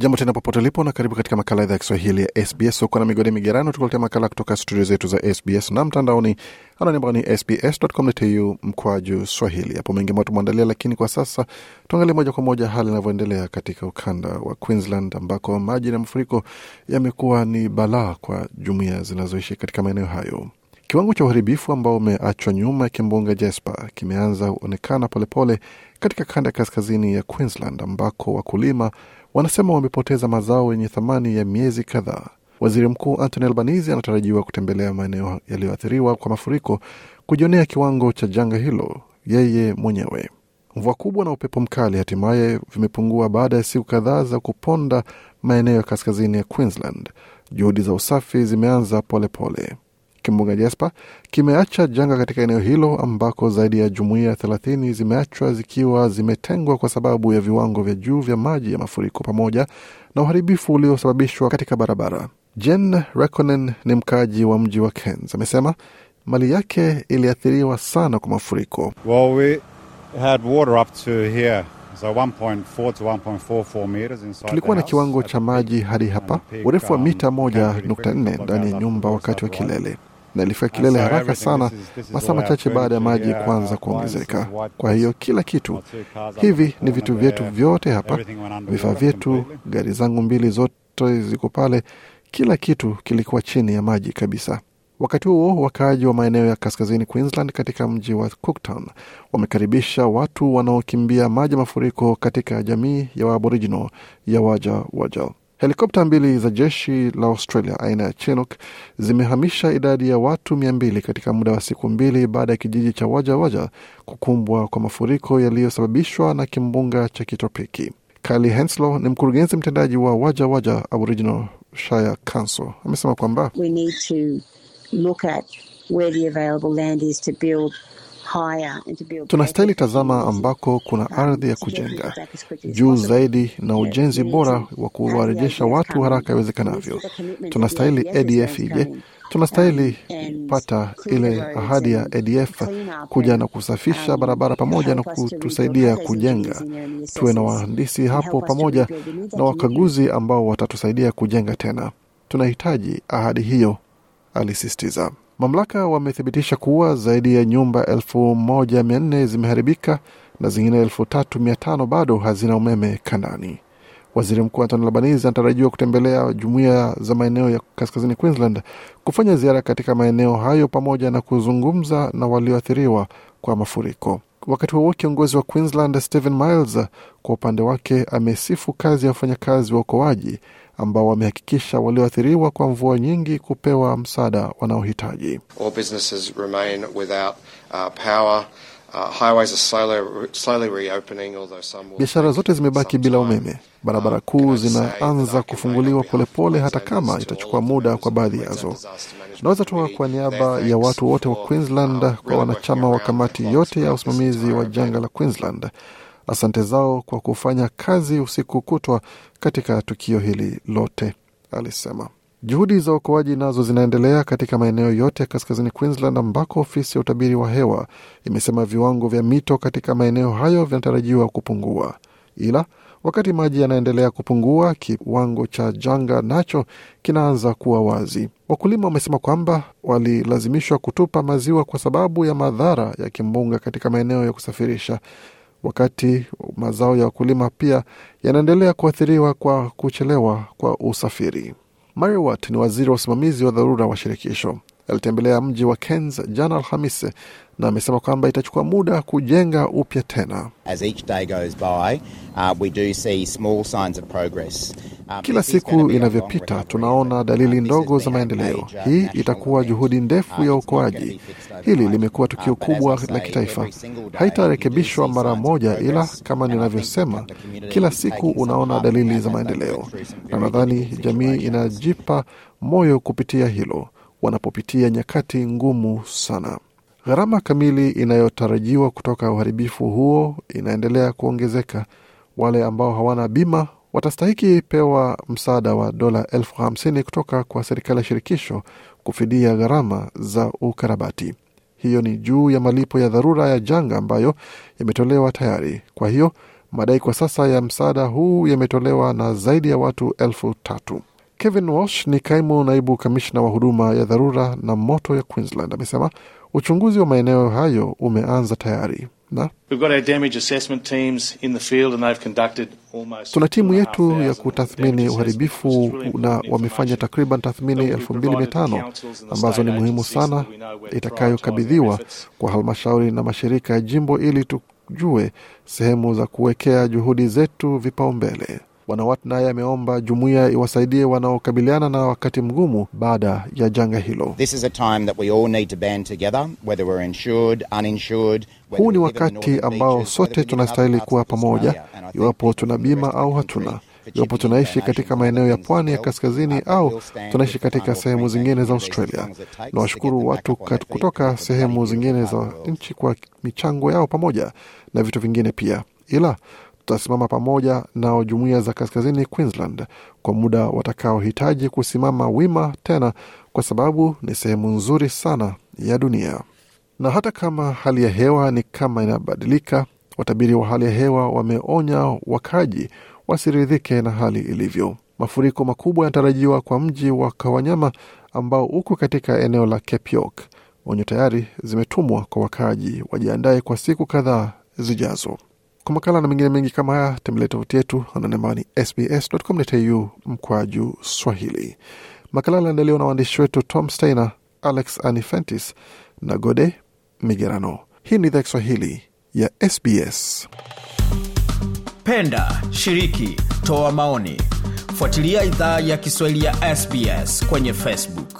Jambo tena popote ulipo na karibu katika makala idhaa ya Kiswahili ya SBS huko na migode migerano, tukuletea makala kutoka studio zetu za SBS na mtandaoni anani ambao ni sbs.com.au mkwaju swahili. Hapo mengi ambayo tumeandalia, lakini kwa sasa tuangalie moja kwa moja hali inavyoendelea katika ukanda wa Queensland ambako maji na mafuriko yamekuwa ni balaa kwa jumuia zinazoishi katika maeneo hayo. Kiwango cha uharibifu ambao umeachwa nyuma ya kimbunga Jesper kimeanza kuonekana polepole katika kanda ya kaskazini ya Queensland ambako wakulima wanasema wamepoteza mazao yenye thamani ya miezi kadhaa. Waziri Mkuu Anthony Albanese anatarajiwa kutembelea maeneo yaliyoathiriwa kwa mafuriko kujionea kiwango cha janga hilo yeye mwenyewe. Mvua kubwa na upepo mkali hatimaye vimepungua baada ya siku kadhaa za kuponda maeneo ya kaskazini ya Queensland. Juhudi za usafi zimeanza polepole pole kimbunga Jespa kimeacha janga katika eneo hilo ambako zaidi ya jumuiya thelathini zimeachwa zikiwa zimetengwa kwa sababu ya viwango vya juu vya maji ya mafuriko pamoja na uharibifu uliosababishwa katika barabara. Jen Rekonen ni mkaaji wa mji wa Cairns, amesema mali yake iliathiriwa sana kwa mafuriko. Well, we had water up to here. So 1.4 to 1.44 tulikuwa na kiwango cha maji hadi hapa, urefu wa mita 1.4 um, ndani ya nyumba wakati wa kilele na ilifika kilele haraka sana masaa machache baada ya maji kuanza kuongezeka. Kwa hiyo kila kitu hivi ni vitu vyetu vyote hapa, vifaa vyetu, gari zangu mbili zote ziko pale, kila kitu kilikuwa chini ya maji kabisa. Wakati huo wakaaji wa maeneo ya kaskazini Queensland katika mji wa Cooktown wamekaribisha watu wanaokimbia maji mafuriko katika jamii ya Waaboriginal ya Waja Wajal. Helikopta mbili za jeshi la Australia aina ya Chinook zimehamisha idadi ya watu mia mbili katika muda wa siku mbili baada ya kijiji cha Wajawaja waja kukumbwa kwa mafuriko yaliyosababishwa na kimbunga cha kitropiki. Kali Henslow ni mkurugenzi mtendaji wa Wajawaja waja Aboriginal Shire Council, amesema kwamba Tunastahili tazama ambako kuna ardhi ya kujenga juu zaidi na ujenzi bora wa kuwarejesha watu haraka iwezekanavyo. Tunastahili ADF ije, tunastahili kupata um, ile ahadi ya ADF kuja na kusafisha um, barabara pamoja na kutusaidia kujenga. Tuwe na wahandisi hapo pamoja na wakaguzi ambao watatusaidia kujenga tena. Tunahitaji ahadi hiyo, alisistiza Mamlaka wamethibitisha kuwa zaidi ya nyumba elfu moja mia nne zimeharibika na zingine elfu tatu mia tano bado hazina umeme Kanani. Waziri Mkuu anton Albanese anatarajiwa kutembelea jumuiya za maeneo ya kaskazini Queensland kufanya ziara katika maeneo hayo pamoja na kuzungumza na walioathiriwa kwa mafuriko. Wakati huo kiongozi wa Queensland Stephen Miles kwa upande wake amesifu kazi ya wafanyakazi wa uokoaji ambao wamehakikisha walioathiriwa kwa mvua nyingi kupewa msaada wanaohitaji. Uh, uh, Biashara zote zimebaki bila umeme. Uh, Barabara kuu zinaanza kufunguliwa polepole pole, hata kama itachukua muda kwa baadhi yazo. Naweza toa kwa niaba ya watu wote wa Queensland, kwa wanachama wa kamati yote ya usimamizi wa janga la Queensland asante zao kwa kufanya kazi usiku kutwa katika tukio hili lote, alisema. Juhudi za uokoaji nazo zinaendelea katika maeneo yote ya kaskazini Queensland ambako ofisi ya utabiri wa hewa imesema viwango vya mito katika maeneo hayo vinatarajiwa kupungua. Ila wakati maji yanaendelea kupungua, kiwango cha janga nacho kinaanza kuwa wazi. Wakulima wamesema kwamba walilazimishwa kutupa maziwa kwa sababu ya madhara ya kimbunga katika maeneo ya kusafirisha wakati mazao ya wakulima pia yanaendelea kuathiriwa kwa kuchelewa kwa usafiri. Mary Watt ni waziri wa usimamizi wa dharura wa shirikisho. Alitembelea mji wa Cairns jana Alhamisi na amesema kwamba itachukua muda kujenga upya tena. As each day goes by, uh, we do see small signs of progress. Kila siku inavyopita, tunaona dalili ndogo za maendeleo. Hii itakuwa juhudi ndefu ya uokoaji. Hili limekuwa tukio kubwa la kitaifa, haitarekebishwa mara moja, ila kama ninavyosema, kila siku unaona dalili za maendeleo, na nadhani jamii inajipa moyo kupitia hilo wanapopitia nyakati ngumu sana. Gharama kamili inayotarajiwa kutoka uharibifu huo inaendelea kuongezeka. Wale ambao hawana bima watastahiki pewa msaada wa dola elfu hamsini kutoka kwa serikali ya shirikisho kufidia gharama za ukarabati. Hiyo ni juu ya malipo ya dharura ya janga ambayo yametolewa tayari. Kwa hiyo madai kwa sasa ya msaada huu yametolewa na zaidi ya watu elfu tatu. Kevin Walsh ni kaimu naibu kamishna wa huduma ya dharura na moto ya Queensland, amesema uchunguzi wa maeneo hayo umeanza tayari. Na? Tuna timu yetu ya kutathmini uharibifu na wamefanya takriban tathmini 2500 ambazo ni muhimu sana, itakayokabidhiwa kwa halmashauri na mashirika ya jimbo ili tujue sehemu za kuwekea juhudi zetu vipaumbele. Bwana naye ameomba jumuiya iwasaidie wanaokabiliana na wakati mgumu baada ya janga hilo. Huu ni wakati ambao sote tunastahili kuwa pamoja, iwapo tuna bima au hatuna iwapo tunaishi katika maeneo ya pwani ya kaskazini au tunaishi katika sehemu zingine za Australia. Nawashukuru watu kutoka sehemu zingine za nchi kwa michango yao pamoja na vitu vingine pia, ila tutasimama pamoja nao jumuiya za kaskazini Queensland kwa muda watakaohitaji kusimama wima tena, kwa sababu ni sehemu nzuri sana ya dunia. Na hata kama hali ya hewa ni kama inabadilika, watabiri wa hali ya hewa wameonya wakaji wasiridhike na hali ilivyo. Mafuriko makubwa yanatarajiwa kwa mji wa Kawanyama ambao uko katika eneo la Cape York. Onyo tayari zimetumwa kwa wakaaji wajiandae kwa siku kadhaa zijazo. Kwa makala na mengine mengi kama haya, tembelea tovuti yetu anwani sbscu sbs.com.au mkwaju swahili. Makala aliandaliwa na waandishi wetu Tom Steiner, Alex anifentis na Gode Migerano. Hii ni idhaa Kiswahili ya SBS. Penda, shiriki, toa maoni, fuatilia idhaa ya Kiswahili ya SBS kwenye Facebook.